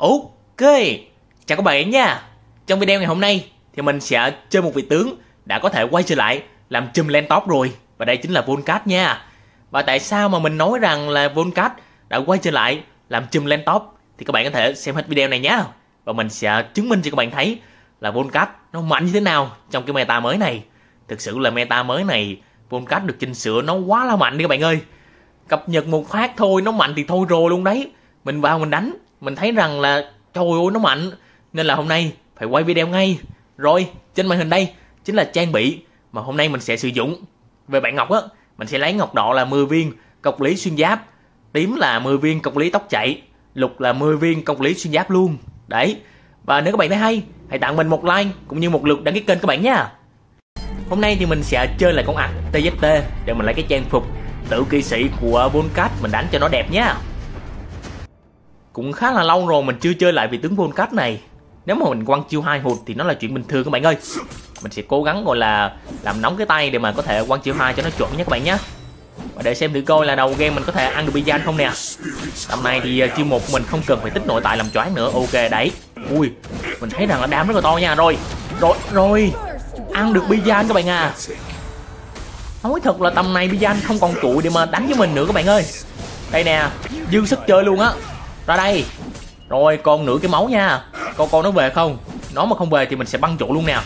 Ok, chào các bạn nha. Trong video ngày hôm nay thì mình sẽ chơi một vị tướng đã có thể quay trở lại làm chùm lên top rồi và đây chính là Volcat nha. Và tại sao mà mình nói rằng là Volcat đã quay trở lại làm chùm lên top thì các bạn có thể xem hết video này nhé. Và mình sẽ chứng minh cho các bạn thấy là Volcat nó mạnh như thế nào trong cái meta mới này. Thực sự là meta mới này Volcat được chỉnh sửa nó quá là mạnh đi các bạn ơi. Cập nhật một phát thôi nó mạnh thì thôi rồi luôn đấy. Mình vào mình đánh mình thấy rằng là trời ơi nó mạnh nên là hôm nay phải quay video ngay rồi trên màn hình đây chính là trang bị mà hôm nay mình sẽ sử dụng về bạn ngọc á mình sẽ lấy ngọc đỏ là 10 viên cọc lý xuyên giáp tím là 10 viên cọc lý tóc chạy lục là 10 viên cọc lý xuyên giáp luôn đấy và nếu các bạn thấy hay hãy tặng mình một like cũng như một lượt đăng ký kênh các bạn nha hôm nay thì mình sẽ chơi lại con ạc tzt để mình lấy cái trang phục tử kỵ sĩ của volcat mình đánh cho nó đẹp nhá cũng khá là lâu rồi mình chưa chơi lại vị tướng cách này nếu mà mình quăng chiêu hai hụt thì nó là chuyện bình thường các bạn ơi mình sẽ cố gắng gọi là làm nóng cái tay để mà có thể quăng chiêu hai cho nó chuẩn nhé các bạn nhé và để xem thử coi là đầu game mình có thể ăn được Bijan không nè Tầm này thì ờ, chiêu một mình không cần phải tích nội tại làm choáng nữa Ok đấy Ui Mình thấy rằng là đám rất là to nha Rồi Rồi Rồi Ăn được Bijan các bạn à Nói thật là tầm này Bijan không còn tuổi để mà đánh với mình nữa các bạn ơi Đây nè Dư sức chơi luôn á ra đây rồi con nửa cái máu nha con con nó về không nó mà không về thì mình sẽ băng trụ luôn nè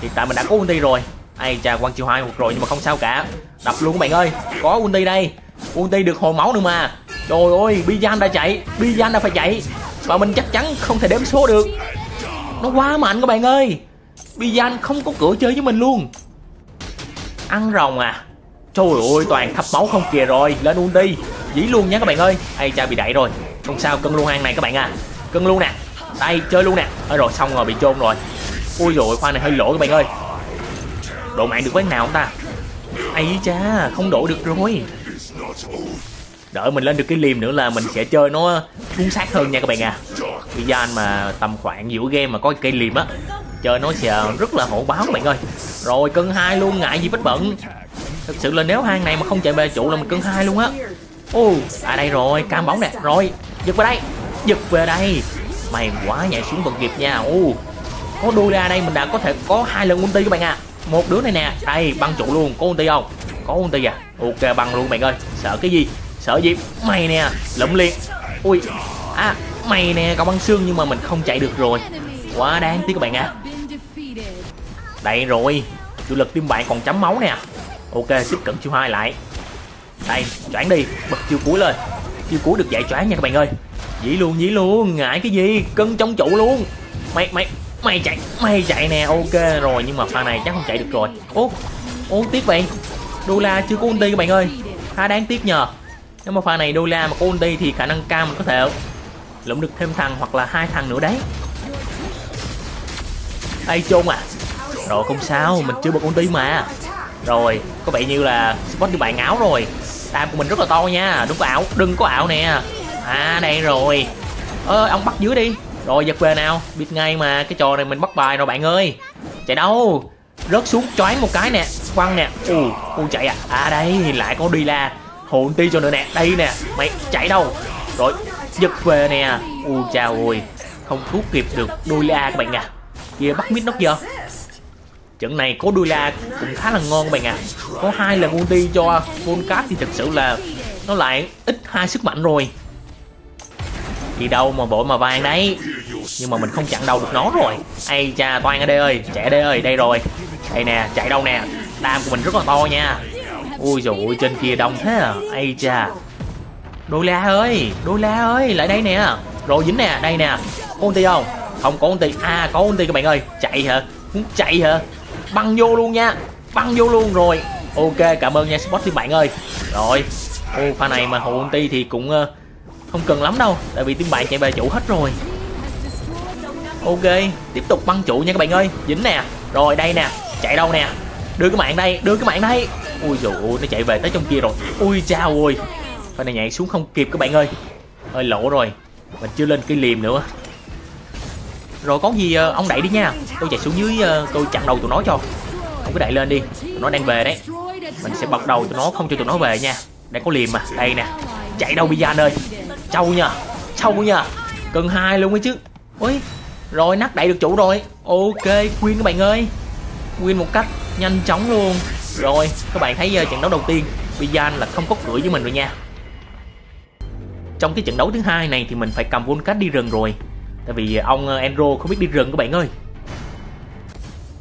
hiện tại mình đã có ulti rồi ai chà quan chiều hai một rồi nhưng mà không sao cả đập luôn các bạn ơi có ulti đây ulti được hồi máu nữa mà trời ơi bijan đã chạy bijan đã phải chạy và mình chắc chắn không thể đếm số được nó quá mạnh các bạn ơi bijan không có cửa chơi với mình luôn ăn rồng à trời ơi toàn thập máu không kìa rồi lên ulti dĩ luôn nhé các bạn ơi ai cha bị đẩy rồi không sao cân luôn hang này các bạn à cân luôn nè đây chơi luôn nè ở rồi xong rồi bị chôn rồi ui rồi khoa này hơi lỗ các bạn ơi độ mạng được với nào không ta ấy cha không đổ được rồi đợi mình lên được cái liềm nữa là mình sẽ chơi nó cuốn sát hơn nha các bạn à bây giờ anh mà tầm khoảng giữa game mà có cây liềm á chơi nó sẽ rất là hổ báo các bạn ơi rồi cân hai luôn ngại gì vết bận thực sự là nếu hang này mà không chạy bê trụ là mình cân hai luôn á ô à đây rồi cam bóng nè rồi giật vào đây giật về đây mày quá nhảy xuống vật nghiệp nha u có đuôi ra đây mình đã có thể có hai lần ulti các bạn à một đứa này nè đây băng trụ luôn có ulti không có ulti à ok băng luôn bạn ơi sợ cái gì sợ gì mày nè lụm liền ui à mày nè cậu băng xương nhưng mà mình không chạy được rồi quá đáng tiếc các bạn ạ à. đây rồi chủ lực team bạn còn chấm máu nè ok tiếp cận chiêu hai lại đây choảng đi bật chiêu cuối lên chưa cứu được giải choáng nha các bạn ơi Dĩ luôn dĩ luôn ngại cái gì Cân trong trụ luôn Mày mày mày chạy mày chạy nè ok rồi nhưng mà pha này chắc không chạy được rồi ô ô tiếc vậy đô la chưa có ulti các bạn ơi khá đáng tiếc nhờ nếu mà pha này đô la mà có ulti thì khả năng cao mình có thể lụm được thêm thằng hoặc là hai thằng nữa đấy ai chôn à rồi không sao mình chưa bật ulti mà rồi có vẻ như là spot được bạn áo rồi tam của mình rất là to nha Đúng có ảo Đừng có ảo nè À đây rồi Ơ ông bắt dưới đi Rồi giật về nào Biết ngay mà Cái trò này mình bắt bài rồi bạn ơi Chạy đâu Rớt xuống choáng một cái nè Quăng nè ừ. Ui Ui chạy à À đây lại có đi la Hồn ti cho nữa nè Đây nè Mày chạy đâu Rồi giật về nè Ui chào ơi Không cứu kịp được đuôi la các bạn à kia bắt mít nó kìa trận này có đuôi la cũng khá là ngon các bạn ạ à. có hai lần ulti cho Volcat thì thật sự là nó lại ít hai sức mạnh rồi thì đâu mà bội mà vàng đấy nhưng mà mình không chặn đầu được nó rồi ai cha toan ở đây ơi chạy đây ơi đây rồi đây nè chạy đâu nè đam của mình rất là to nha ui dồi ôi trên kia đông thế à ai cha đô la ơi đô la ơi lại đây nè rồi dính nè đây nè có ulti không không có ulti à có ulti các bạn ơi chạy hả muốn chạy hả băng vô luôn nha băng vô luôn rồi ok cảm ơn nha spot team bạn ơi rồi ô pha này mà hậu ti thì cũng uh, không cần lắm đâu tại vì team bạn chạy về chủ hết rồi ok tiếp tục băng chủ nha các bạn ơi dính nè rồi đây nè chạy đâu nè đưa cái mạng đây đưa cái mạng đây ui dù nó chạy về tới trong kia rồi ui chao ui, pha này nhảy xuống không kịp các bạn ơi hơi lỗ rồi mình chưa lên cái liềm nữa rồi có gì ờ, ông đẩy đi nha tôi chạy xuống dưới ờ, tôi chặn đầu tụi nó cho không cứ đẩy lên đi tụi nó đang về đấy mình sẽ bật đầu tụi nó không cho tụi nó về nha đang có liềm mà đây nè chạy đâu bijan ơi trâu nha trâu nha cần hai luôn ấy chứ ôi rồi nắp đẩy được chủ rồi ok quyên các bạn ơi quyên một cách nhanh chóng luôn rồi các bạn thấy ờ, trận đấu đầu tiên bijan là không có cửa với mình rồi nha trong cái trận đấu thứ hai này thì mình phải cầm vun cách đi rừng rồi tại vì ờ, ông ờ, Enro không biết đi rừng các bạn ơi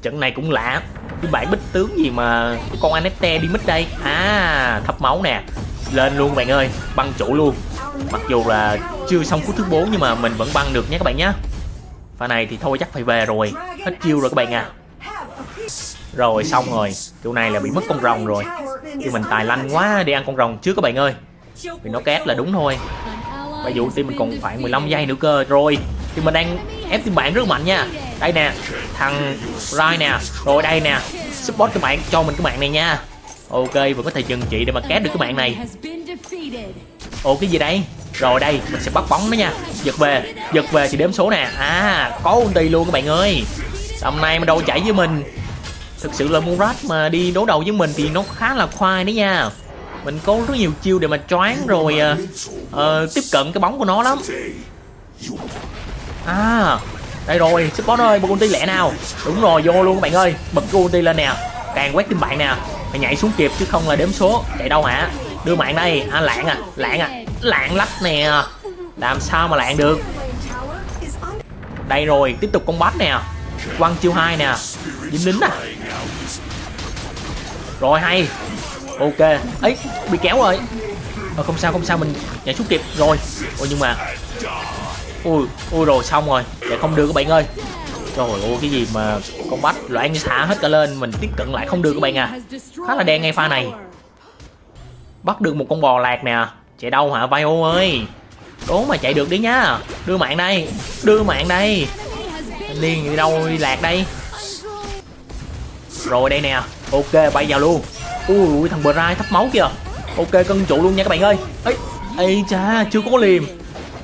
trận này cũng lạ cái bản bích tướng gì mà cái con Anette đi mít đây à thấp máu nè lên luôn bạn ơi băng chủ luôn mặc dù là chưa xong phút thứ 4 nhưng mà mình vẫn băng được nha các bạn nhé pha này thì thôi chắc phải về rồi hết chiêu rồi các bạn à rồi xong rồi chỗ này là bị mất con rồng rồi nhưng mình tài lanh quá đi ăn con rồng trước các bạn ơi vì nó két là đúng thôi bây giờ team mình còn khoảng 15 giây nữa cơ rồi thì mình đang ép team bạn rất mạnh nha đây nè thằng Rai nè rồi đây nè support các bạn cho mình cái mạng này nha ok vẫn có thể dừng chị để mà cát được cái mạng này ồ cái gì đây rồi đây mình sẽ bắt bóng nó nha giật về giật về thì đếm số nè à có ulti luôn các bạn ơi tầm này mà đâu chảy với mình thực sự là Murat mà đi đối đầu với mình thì nó khá là khoai đấy nha mình có rất nhiều chiêu để mà choáng rồi uh, uh, tiếp cận cái bóng của nó lắm à đây rồi support ơi bật ulti lẹ nào đúng rồi vô luôn các bạn ơi bật cái ulti lên nè càng quét tim bạn nè mày nhảy xuống kịp chứ không là đếm số chạy đâu hả đưa mạng đây à lạng à lạng à lạng lách nè làm sao mà lạng được đây rồi tiếp tục công bát nè quăng chiêu hai nè dính lính à rồi hay ok ấy bị kéo rồi ờ, không sao không sao mình nhảy xuống kịp rồi ôi nhưng mà ui ui rồi xong rồi dạ không được các bạn ơi trời ơi cái gì mà con bách loạn xả hết cả lên mình tiếp cận lại không đưa các bạn à khá là đen ngay pha này bắt được một con bò lạc nè chạy đâu hả vai ô ơi cố mà chạy được đi nhá đưa mạng đây đưa mạng đây liền đi đâu đi lạc đây rồi đây nè ok bay vào luôn ui thằng bờ rai thấp máu kìa ok cân trụ luôn nha các bạn ơi ấy ấy cha chưa có liềm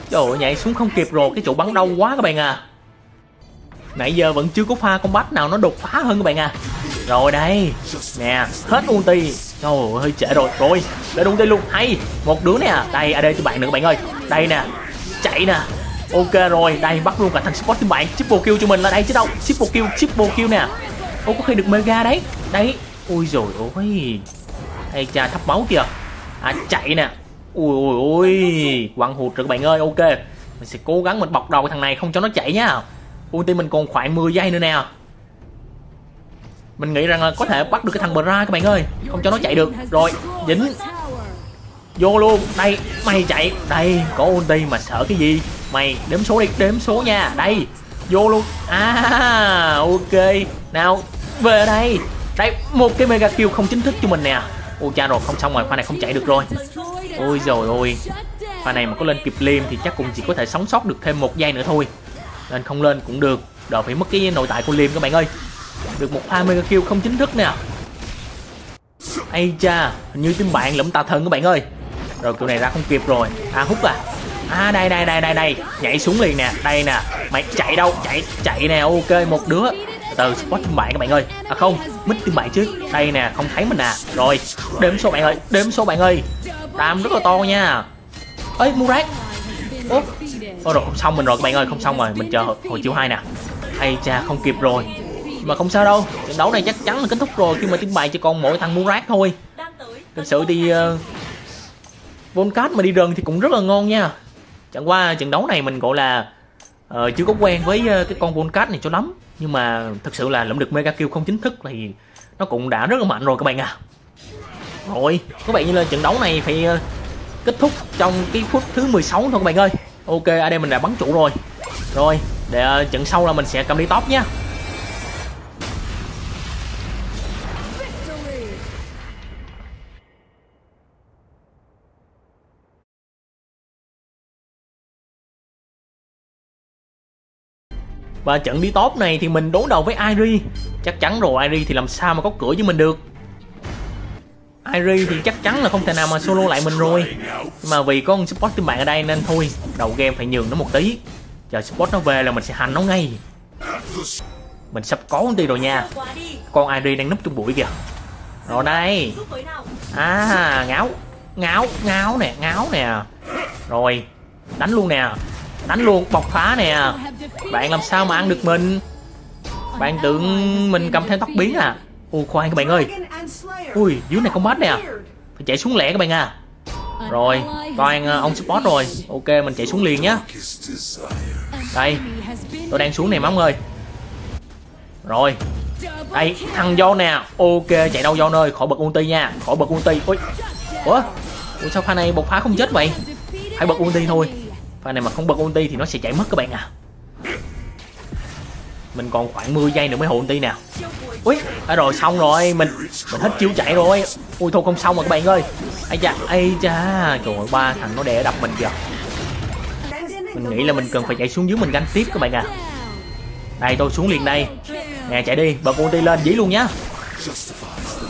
Trời ơi, nhảy xuống không kịp rồi, cái chỗ bắn đau quá các bạn à Nãy giờ vẫn chưa có pha combat nào nó đột phá hơn các bạn à Rồi đây, nè, hết ulti Trời ơi, hơi trễ rồi, rồi, lên ulti luôn, hay Một đứa nè, đây, ở đây cho bạn nữa các bạn ơi Đây nè, chạy nè Ok rồi, đây bắt luôn cả thằng support cho bạn Triple kill cho mình là đây chứ đâu Triple kill, triple kill nè Ô có khi được mega đấy Đấy, ui rồi ôi Ây cha thấp máu kìa À chạy nè ui ui ui quặn hụt rồi các bạn ơi ok mình sẽ cố gắng mình bọc đầu cái thằng này không cho nó chạy nhá ưu tiên mình còn khoảng 10 giây nữa nè mình nghĩ rằng là có thể bắt được cái thằng bờ ra các bạn ơi không cho nó chạy được rồi dính vô luôn đây mày chạy đây có ulti mà sợ cái gì mày đếm số đi đếm số nha đây vô luôn à ok nào về đây đây một cái mega kill không chính thức cho mình nè ôi cha rồi không xong rồi khoa này không chạy được rồi ôi rồi ôi pha này mà có lên kịp liêm thì chắc cũng chỉ có thể sống sót được thêm một giây nữa thôi nên không lên cũng được đỡ phải mất cái nội tại của liêm các bạn ơi được một pha mega kill không chính thức nè ây cha hình như team bạn lẫm tà thần các bạn ơi rồi kiểu này ra không kịp rồi à hút à à đây đây đây đây đây nhảy xuống liền nè đây nè mày chạy đâu chạy chạy nè ok một đứa từ spot team bạn các bạn ơi à không mít team bạn chứ đây nè không thấy mình à rồi đếm số bạn ơi đếm số bạn ơi Ram rất là to nha ấy Murat Ủa Ôi rồi không xong mình rồi các bạn ơi không xong rồi Mình chờ hồi chiều 2 nè Hay cha không kịp rồi Mà không sao đâu Trận đấu này chắc chắn là kết thúc rồi Khi mà tiếng bài chỉ còn mỗi thằng Murat thôi Thực sự đi uh, Volcat mà đi rừng thì cũng rất là ngon nha Chẳng qua trận đấu này mình gọi là uh, Chưa có quen với uh, cái con Volcat này cho lắm Nhưng mà thực sự là lẫm được Mega Kill không chính thức thì Nó cũng đã rất là mạnh rồi các bạn à rồi, các bạn như là trận đấu này phải ờ, kết thúc trong cái phút thứ 16 thôi các bạn ơi. Ok, ở đây mình đã bắn trụ rồi. Rồi, để ờ, trận sau là mình sẽ cầm đi top nhé. Và trận đi top này thì mình đối đầu với Airi Chắc chắn rồi Airi thì làm sao mà có cửa với mình được Iri thì chắc chắn là không thể nào mà solo lại mình rồi mà vì có con support team bạn ở đây nên thôi Đầu game phải nhường nó một tí Chờ support nó về là mình sẽ hành nó ngay Mình sắp có con đi rồi nha Con Iri đang núp trong bụi kìa Rồi đây À ngáo Ngáo ngáo nè ngáo nè Rồi đánh luôn nè Đánh luôn bọc phá nè Bạn làm sao mà ăn được mình Bạn tưởng mình cầm theo tóc biến à ô khoan các bạn ơi ui dưới này combat nè phải chạy xuống lẻ các bạn à rồi toàn ờ, ông support rồi ok mình chạy xuống liền nhá đây tôi đang xuống này mắm ơi rồi đây thằng do nè ok chạy đâu do nơi khỏi bật ulti nha khỏi bật ulti ui ủa ủa sao pha này bột phá không chết vậy Hãy bật ulti thôi pha này mà không bật ulti thì nó sẽ chạy mất các bạn à mình còn khoảng 10 giây nữa mới hộ ulti nè ui à rồi xong rồi mình mình hết chiêu chạy rồi ui thôi không xong rồi các bạn ơi ai chà ai chà trời ơi ba thằng nó đè đập mình kìa mình nghĩ là mình cần phải chạy xuống dưới mình gánh tiếp các bạn à đây tôi xuống liền đây nè chạy đi bật ulti lên dí luôn nhá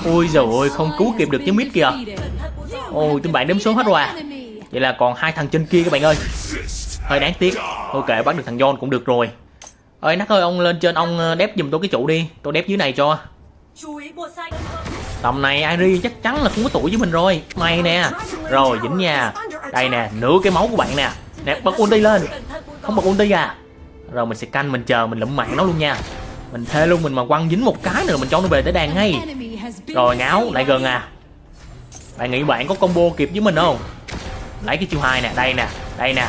ui rồi ôi không cứu kịp được cái mít kìa ôi tụi bạn đếm số hết rồi à vậy là còn hai thằng trên kia các bạn ơi hơi đáng tiếc ok bắt được thằng john cũng được rồi ơi nắc ơi ông lên trên ông ờ, đép giùm tôi cái trụ đi tôi đép dưới này cho tầm này Ari chắc chắn là cũng có tuổi với mình rồi may nè rồi dính nha đây nè nửa cái máu của bạn nè nè bật ulti lên không bật ulti à rồi mình sẽ canh mình chờ mình lụm mạng nó luôn nha mình thê luôn mình mà quăng dính một cái nữa mình cho nó về tới đàn ngay rồi ngáo lại gần à bạn nghĩ bạn có combo kịp với mình không lấy cái chiêu hai nè đây nè đây nè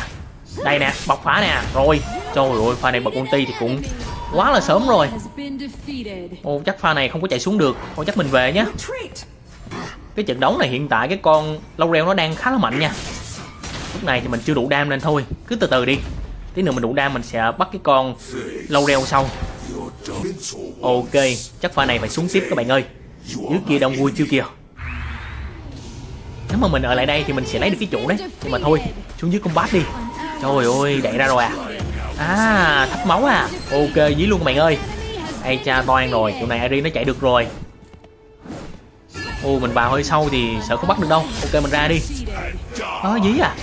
đây nè bọc phá nè rồi trời ơi pha này bật ulti thì cũng quá là sớm rồi ô chắc pha này không có chạy xuống được ô chắc mình về nhé cái trận đấu này hiện tại cái con lâu reo nó đang khá là mạnh nha lúc này thì mình chưa đủ đam nên thôi cứ từ từ đi tí nữa mình đủ đam mình sẽ bắt cái con lâu reo sau ok chắc pha này phải xuống tiếp các bạn ơi dưới kia đông vui chưa kìa nếu mà mình ở lại đây thì mình sẽ lấy được cái chủ đấy nhưng mà thôi xuống dưới combat đi Trời ơi, đẩy ra rồi à À, thấp máu à Ok, dí luôn các bạn ơi ai cha, toan rồi, chỗ này Ari nó chạy được rồi Ô, mình vào hơi sâu thì sợ không bắt được đâu Ok, mình ra đi Đó, ờ, à, dí à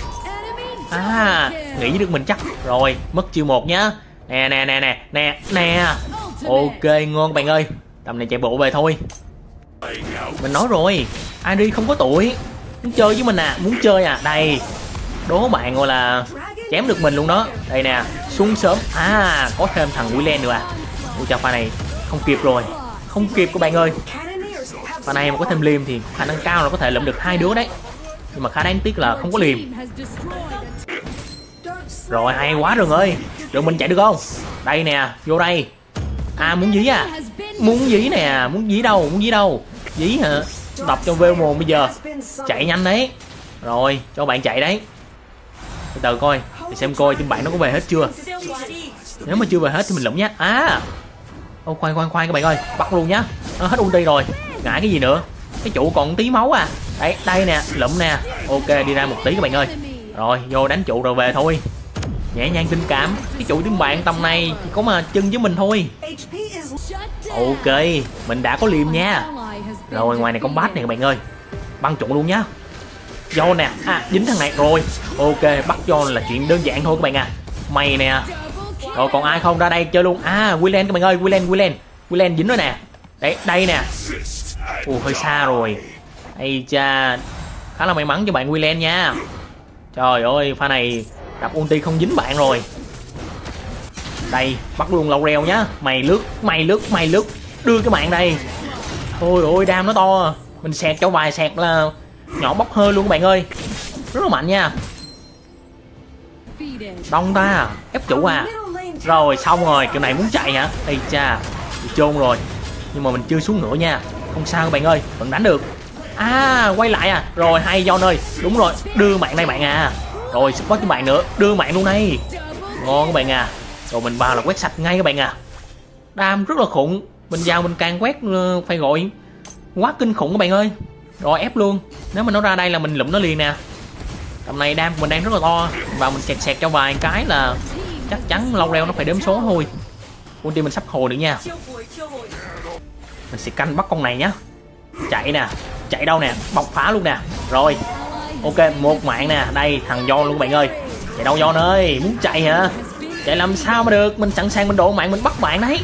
À, nghĩ được mình chắc Rồi, mất chiêu một nhá Nè, nè, nè, nè, nè, nè Ok, ngon bạn ơi Tầm này chạy bộ về thôi Mình nói rồi, Ari không có tuổi Muốn chơi với mình à, muốn chơi à Đây, đố bạn gọi là chém được mình luôn đó đây nè xuống sớm à có thêm thằng len nữa à ui chà pha này không kịp rồi không kịp các bạn ơi pha này mà có thêm liềm thì khả năng cao là có thể lượm được hai đứa đấy nhưng mà khá đáng tiếc là không có liềm rồi hay quá rừng ơi được mình chạy được không đây nè vô đây à muốn dí à muốn dí nè muốn dí đâu muốn dí đâu dí hả đập cho vêu mồm bây giờ chạy nhanh đấy rồi cho bạn chạy đấy từ từ coi để xem coi trên bạn nó có về hết chưa Nếu mà chưa về hết thì mình lủng nhé À Ô khoan khoan khoan các bạn ơi Bắt luôn nhá Nó hết ulti rồi Ngại cái gì nữa Cái chủ còn tí máu à Đây đây nè Lụm nè Ok đi ra một tí các bạn ơi Rồi vô đánh trụ rồi về thôi Nhẹ nhàng tình cảm Cái chủ tiếng bạn tầm này chỉ có mà chân với mình thôi Ok Mình đã có liềm nha Rồi ngoài này combat này các bạn ơi Băng trụ luôn nhá John nè à, dính thằng này rồi ok bắt John là chuyện đơn giản thôi các bạn à mày nè rồi ờ, còn ai không ra đây chơi luôn à Willen các bạn ơi Willen Willen Willen dính rồi nè đấy đây nè ồ hơi xa rồi ây cha khá là may mắn cho bạn Willen nha trời ơi pha này đập ulti không dính bạn rồi đây bắt luôn lầu reo nhá mày lướt mày lướt mày lướt đưa cái bạn đây thôi ôi đam nó to mình xẹt cho vài xẹt là nhỏ bốc hơi luôn các bạn ơi rất là mạnh nha đông ta ép chủ à rồi xong rồi kiểu này muốn chạy hả ây cha bị chôn rồi nhưng mà mình chưa xuống nữa nha không sao các bạn ơi vẫn đánh được à quay lại à rồi hay do ơi đúng rồi đưa mạng đây bạn à rồi support cho bạn nữa đưa mạng luôn đây ngon các bạn à rồi mình vào là quét sạch ngay các bạn à đam rất là khủng mình vào mình càng quét ờ, phải gọi quá kinh khủng các bạn ơi rồi ép luôn nếu mà nó ra đây là mình lụm nó liền nè tầm này đam mình đang rất là to và mình sẹt sẹt cho vài cái là chắc chắn lâu reo nó phải đếm số thôi ulti mình sắp hồi nữa nha mình sẽ canh bắt con này nhá chạy nè chạy đâu nè bọc phá luôn nè rồi ok một mạng nè đây thằng do luôn bạn ơi chạy đâu do ơi muốn chạy hả chạy làm sao mà được mình sẵn sàng mình đổ mạng mình bắt bạn đấy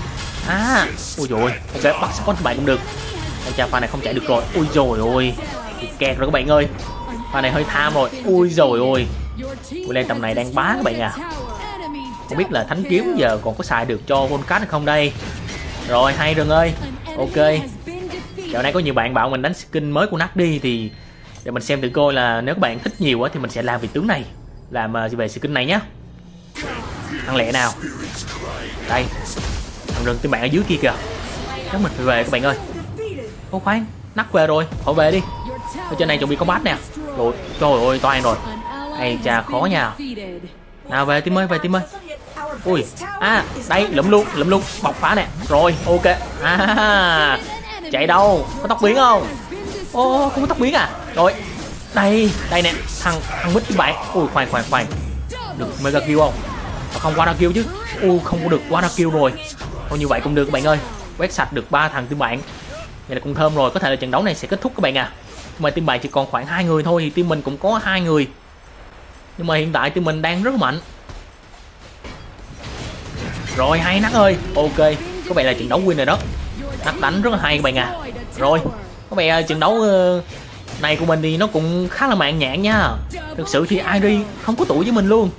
à ui rồi ok bắt sắp con bạn cũng được anh cha pha này không chạy được rồi ui rồi ôi kẹt rồi các bạn ơi pha này hơi tham rồi ui rồi ôi lên tầm này đang bá các bạn à không biết là thánh kiếm giờ còn có xài được cho Volcat hay không đây rồi hay rừng ơi ok dạo này có nhiều bạn bảo mình đánh skin mới của nát đi thì để mình xem thử coi là nếu các bạn thích nhiều quá thì mình sẽ làm vị tướng này làm à, về skin này nhé ăn lẹ nào đây thằng rừng tên bạn ở dưới kia kìa chắc mình phải về các bạn ơi ô khoan nắc về rồi khỏi về đi ở trên này chuẩn bị có bát nè rồi trời ơi toàn rồi hay cha khó nha nào về tim ơi về tim ơi ui à đây lụm luôn lụm luôn bọc phá nè rồi ok à chạy đâu có tóc biến không ô oh, không có tóc biến à rồi đây đây nè thằng thằng mít chứ bạn ui khoan khoan khoan được mega kill không không qua kill chứ u không có được qua kill rồi thôi như vậy cũng được bạn ơi quét sạch được ba thằng tư bạn vậy là cũng thơm rồi có thể là trận đấu này sẽ kết thúc các bạn à nhưng mà team bạn chỉ còn khoảng hai người thôi thì team mình cũng có hai người nhưng mà hiện tại team mình đang rất mạnh rồi hay nắc ơi ok có vẻ là trận đấu win rồi đó nắc đánh rất là hay các bạn à rồi có vẻ ờ, trận đấu ờ, này của mình thì nó cũng khá là mạng nhạn nha thực sự thì iri không có tuổi với mình luôn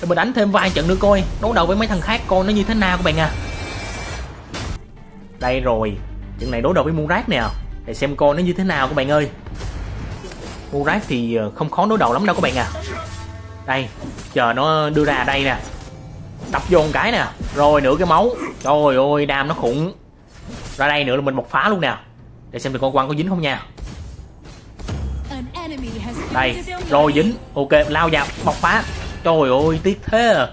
rồi mình đánh thêm vài trận nữa coi đấu đầu với mấy thằng khác coi nó như thế nào các bạn à đây rồi trận này đối đầu với Murat nè để xem coi nó như thế nào các bạn ơi Murat thì ờ, không khó đối đầu lắm đâu các bạn à đây chờ nó đưa ra đây nè đập vô một cái nè rồi nửa cái máu trời ơi đam nó khủng ra đây nữa là mình bộc phá luôn nè để xem được con quăng có dính không nha đây rồi dính ok lao vào bộc phá trời ơi tiếc thế à.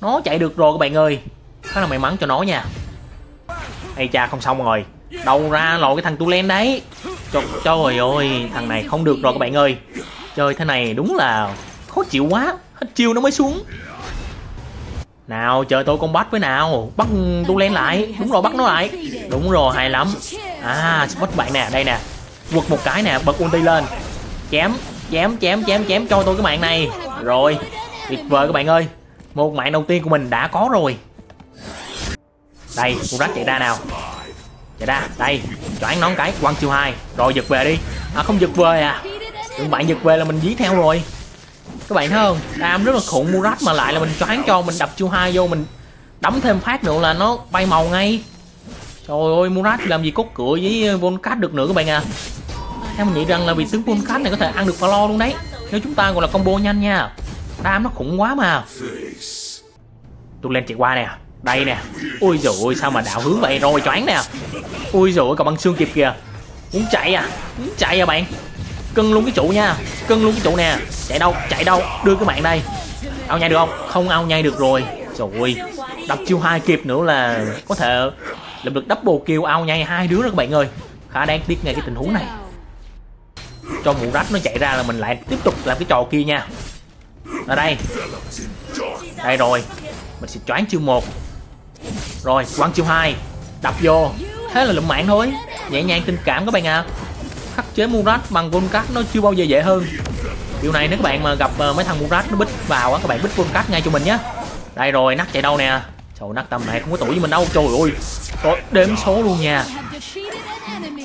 nó chạy được rồi các bạn ơi khá là may mắn cho nó nha hay cha không xong rồi Đầu ra lòi cái thằng tu len đấy Trời, trời ơi Thằng này không được rồi các bạn ơi Chơi thế này đúng là khó chịu quá Hết chiêu nó mới xuống Nào chờ tôi con bắt với nào Bắt tu len lại Đúng rồi bắt nó lại Đúng rồi hay lắm À support bạn nè đây nè Quật một cái nè bật ulti lên Chém chém chém chém chém cho tôi cái mạng này Rồi tuyệt vời các bạn ơi Một mạng đầu tiên của mình đã có rồi đây, con rách chạy ra nào Vậy dạ ra, đây, choáng nón cái, quăng chiêu hai Rồi giật về đi À không giật về à Đừng bạn giật về là mình dí theo rồi Các bạn thấy không Đam rất là khủng Murat mà lại là mình choáng cho Mình đập chiêu hai vô mình Đấm thêm phát nữa là nó bay màu ngay Trời ơi Murat làm gì có cửa với Volcat được nữa các bạn à em nghĩ rằng là vì tướng Volcat này có thể ăn được Valor luôn đấy Nếu chúng ta gọi là combo nhanh nha Đam nó khủng quá mà Tôi lên chạy qua nè đây nè ui dồi sao mà đạo hướng vậy rồi choáng nè ui rồi còn băng xương kịp kìa muốn chạy à muốn chạy à bạn cân luôn cái trụ nha cân luôn cái trụ nè chạy đâu chạy đâu đưa các bạn đây ao nhai được không không ao nhai được rồi trời ơi, đập chiêu hai kịp nữa là có thể làm được double kill ao nhai hai đứa đó các bạn ơi khá đáng tiếc ngay cái tình huống này cho mụ rách nó chạy ra là mình lại tiếp tục làm cái trò kia nha ở đây đây rồi mình sẽ choáng chiêu một rồi quăng chiêu hai đập vô Thế là lụm mạng thôi Nhẹ nhàng tình cảm các bạn ạ à. Khắc chế Murat bằng Volcat nó chưa bao giờ dễ hơn Điều này nếu các bạn mà gặp ờ, mấy thằng Murat nó bích vào á Các bạn bích Volcat ngay cho mình nhé Đây rồi nắc chạy đâu nè Trời nắc tầm này không có tuổi với mình đâu Trời ơi Trời, đếm số luôn nha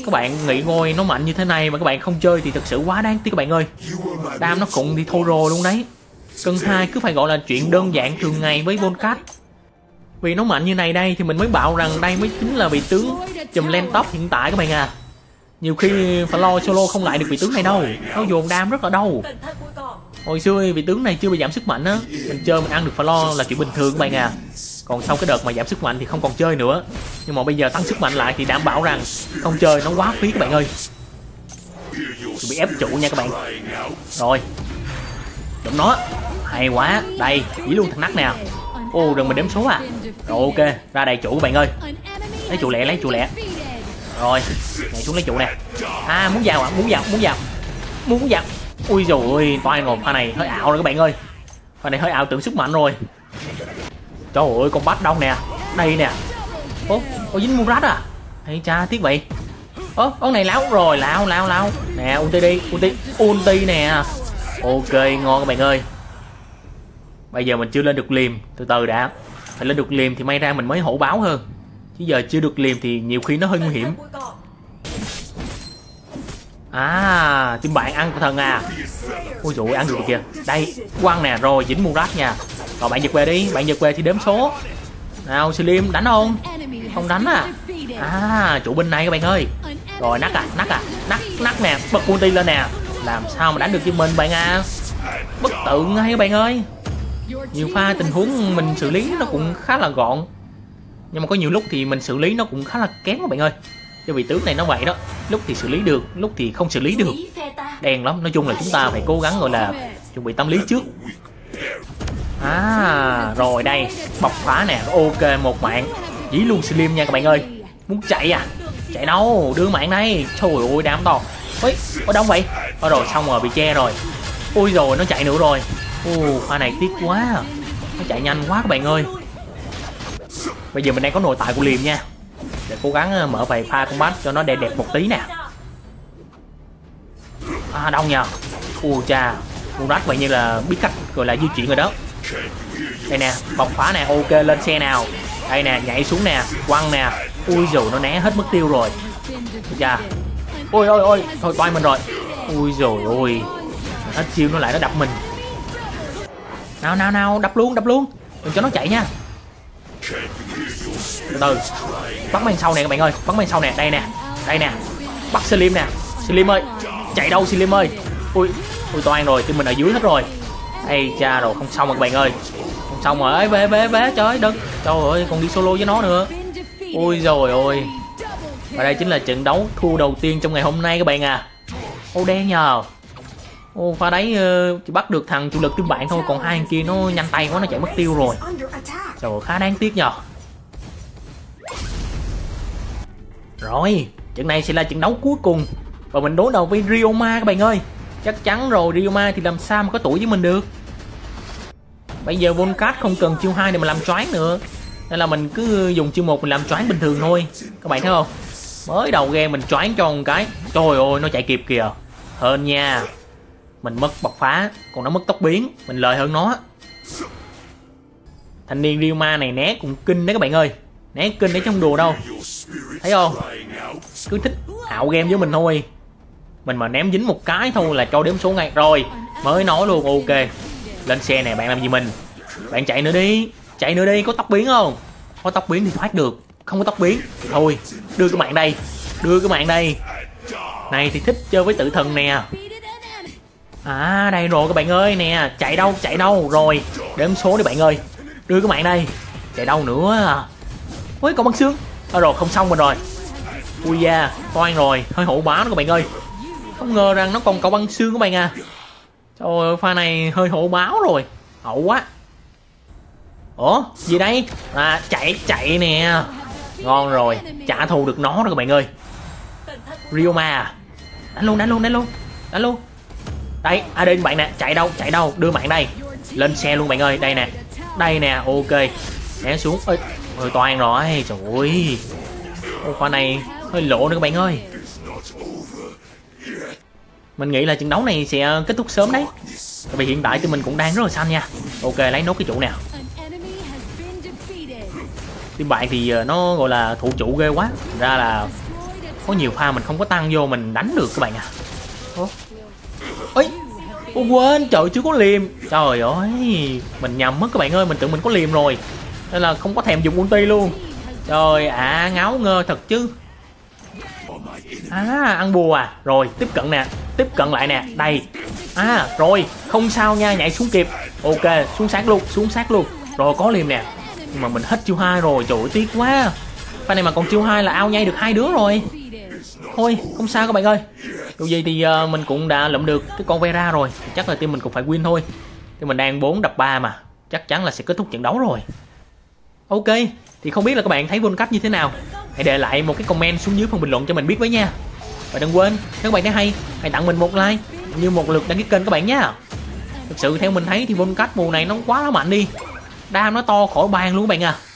các bạn nghĩ ngôi nó mạnh như thế này mà các bạn không chơi thì thật sự quá đáng tiếc các bạn ơi đam nó cũng thì thô rồ luôn đấy cân hai cứ phải gọi là chuyện đơn giản thường ngày với volcat vì nó mạnh như này đây thì mình mới bảo rằng đây mới chính là vị tướng Chùm lên top hiện tại các bạn à Nhiều khi phải lo solo không lại được vị tướng này đâu Nó dồn đam rất là đau Hồi xưa vị tướng này chưa bị giảm sức mạnh á Mình chơi mình ăn được phải lo là chuyện bình thường các bạn à còn sau cái đợt mà giảm sức mạnh thì không còn chơi nữa nhưng mà bây giờ tăng sức mạnh lại thì đảm bảo rằng không chơi nó quá phí các bạn ơi Tôi bị ép chủ nha các bạn rồi đụng nó hay quá đây chỉ luôn thằng nắc nè ô đừng mà đếm số à rồi ok ra đầy chủ các bạn ơi lấy chủ lẹ lấy chủ lẹ rồi nhảy xuống lấy trụ nè à muốn vào à muốn vào muốn vào muốn vào ui dồi ôi toàn rồi pha này hơi ảo rồi các bạn ơi pha này hơi ảo tưởng sức mạnh rồi trời ơi con bắt đông nè đây nè ố có dính murat à hay cha tiếc vậy ố con này láo rồi láo láo láo nè ulti đi ulti ulti nè ok ngon các bạn ơi bây giờ mình chưa lên được liềm từ từ đã phải lên được liềm thì may ra mình mới hổ báo hơn chứ giờ chưa được liềm thì nhiều khi nó hơi nguy hiểm à tim bạn ăn của thần à ôi dụ ăn được kìa đây quăng nè rồi dính murad nha rồi bạn giật về đi bạn giật về thì đếm số nào slim đánh không không đánh à à chủ binh này các bạn ơi rồi nắc à nắc à nắc nắc nè bật ulti lên nè làm sao mà đánh được với mình bạn à bất tự ngay các bạn ơi nhiều pha tình huống mình xử lý nó cũng khá là gọn nhưng mà có nhiều lúc thì mình xử lý nó cũng khá là kém các bạn ơi do vị tướng này nó vậy đó lúc thì xử lý được lúc thì không xử lý được đen lắm nói chung là chúng ta phải cố gắng gọi là chuẩn bị tâm lý trước à rồi đây bọc phá nè ok một mạng dí luôn slim nha các bạn ơi muốn chạy à chạy đâu đưa mạng này trời ơi đám to ấy có đâu vậy ở rồi xong rồi bị che rồi ui rồi nó chạy nữa rồi ô pha này tiếc quá nó chạy nhanh quá các bạn ơi bây giờ mình đang có nội tại của liềm nha để cố gắng ờ, mở vài pha combat cho nó đẹp đẹp một tí nè à đông nhờ ui cha Murat vậy như là biết cách gọi là di chuyển rồi đó đây nè bọc phá nè ok lên xe nào đây nè nhảy xuống nè quăng nè ui dù nó né hết mất tiêu rồi cha ôi ôi ôi thôi toi mình rồi ui rồi ôi hết chiêu nó lại nó đập mình nào nào nào đập luôn đập luôn đừng cho nó chạy nha từ từ bắn bên sau nè các bạn ơi bắn bên sau nè đây nè đây nè bắt slim nè slim ơi chạy đâu slim ơi ui ui toan rồi thì mình ở dưới hết rồi hay cha rồi không xong rồi các bạn ơi không xong rồi ấy bé bé bé trời đất trời ơi còn đi solo với nó nữa ui rồi ôi và đây chính là trận đấu thua đầu tiên trong ngày hôm nay các bạn à ô đen nhờ Ô, pha đấy ờ, chỉ bắt được thằng chủ lực team bạn thôi còn hai thằng kia nó nhanh tay quá nó chạy mất tiêu rồi trời ơi, khá đáng tiếc nhờ rồi trận này sẽ là trận đấu cuối cùng và mình đối đầu với Ryoma các bạn ơi chắc chắn rồi Ryoma thì làm sao mà có tuổi với mình được bây giờ Volcat không cần chiêu 2 để mà làm choáng nữa nên là mình cứ dùng chiêu một mình làm choáng bình thường thôi các bạn thấy không mới đầu game mình choáng cho một cái trời ơi nó chạy kịp kìa hơn nha mình mất bộc phá còn nó mất tốc biến mình lợi hơn nó thanh niên Ryu Ma này né cũng kinh đấy các bạn ơi né kinh đấy trong đùa đâu thấy không cứ thích ảo game với mình thôi mình mà ném dính một cái thôi là cho đếm số ngay rồi mới nói luôn ok lên xe này bạn làm gì mình bạn chạy nữa đi chạy nữa đi có tóc biến không có tóc biến thì thoát được không có tóc biến thì thôi đưa các bạn đây đưa các bạn đây này thì thích chơi với tử thần nè À đây rồi các bạn ơi nè Chạy đâu chạy đâu rồi Đếm số đi bạn ơi Đưa các bạn đây Chạy đâu nữa Ôi à? còn băng xương à, Rồi không xong mình rồi Ui da yeah, toan rồi Hơi hổ bá nó các bạn ơi Không ngờ rằng nó còn cậu băng xương các bạn à Trời ơi pha này hơi hổ báo rồi Hậu quá Ủa gì đây À chạy chạy nè Ngon rồi trả thù được nó rồi các bạn ơi Ryoma à? Đánh luôn đánh luôn đánh luôn Đánh luôn đấy à đây bạn nè chạy đâu chạy đâu đưa bạn đây lên xe luôn bạn ơi đây nè đây nè ok né xuống ơi ơi toàn rồi trời ơi Ô, khoa này hơi lộ nữa các bạn ơi mình nghĩ là trận đấu này sẽ kết thúc sớm đấy tại vì hiện tại thì mình cũng đang rất là xanh nha ok lấy nốt cái trụ nào team bạn thì ờ, nó gọi là thủ trụ ghê quá Thật ra là có nhiều pha mình không có tăng vô mình đánh được các bạn à Ủa? ấy Ô quên trời chưa có liềm Trời ơi Mình nhầm mất các bạn ơi Mình tưởng mình có liềm rồi Nên là không có thèm dùng ulti luôn Trời à, ngáo ngơ thật chứ À ăn bùa à Rồi tiếp cận nè Tiếp cận lại nè Đây À rồi Không sao nha nhảy xuống kịp Ok xuống sát luôn Xuống sát luôn Rồi có liềm nè Nhưng mà mình hết chiêu hai rồi Trời tiếc quá Pha này mà còn chiêu hai là ao nhay được hai đứa rồi Thôi không sao các bạn ơi dù gì thì uh, mình cũng đã lượm được cái con vera rồi thì chắc là team mình cũng phải win thôi thì mình đang 4 đập 3 mà chắc chắn là sẽ kết thúc trận đấu rồi ok thì không biết là các bạn thấy World Cup như thế nào hãy để lại một cái comment xuống dưới phần bình luận cho mình biết với nha và đừng quên nếu các bạn thấy hay hãy tặng mình một like như một lượt đăng ký kênh các bạn nhé thực sự theo mình thấy thì World Cup mùa này nó quá là mạnh đi đam nó to khỏi bàn luôn các bạn à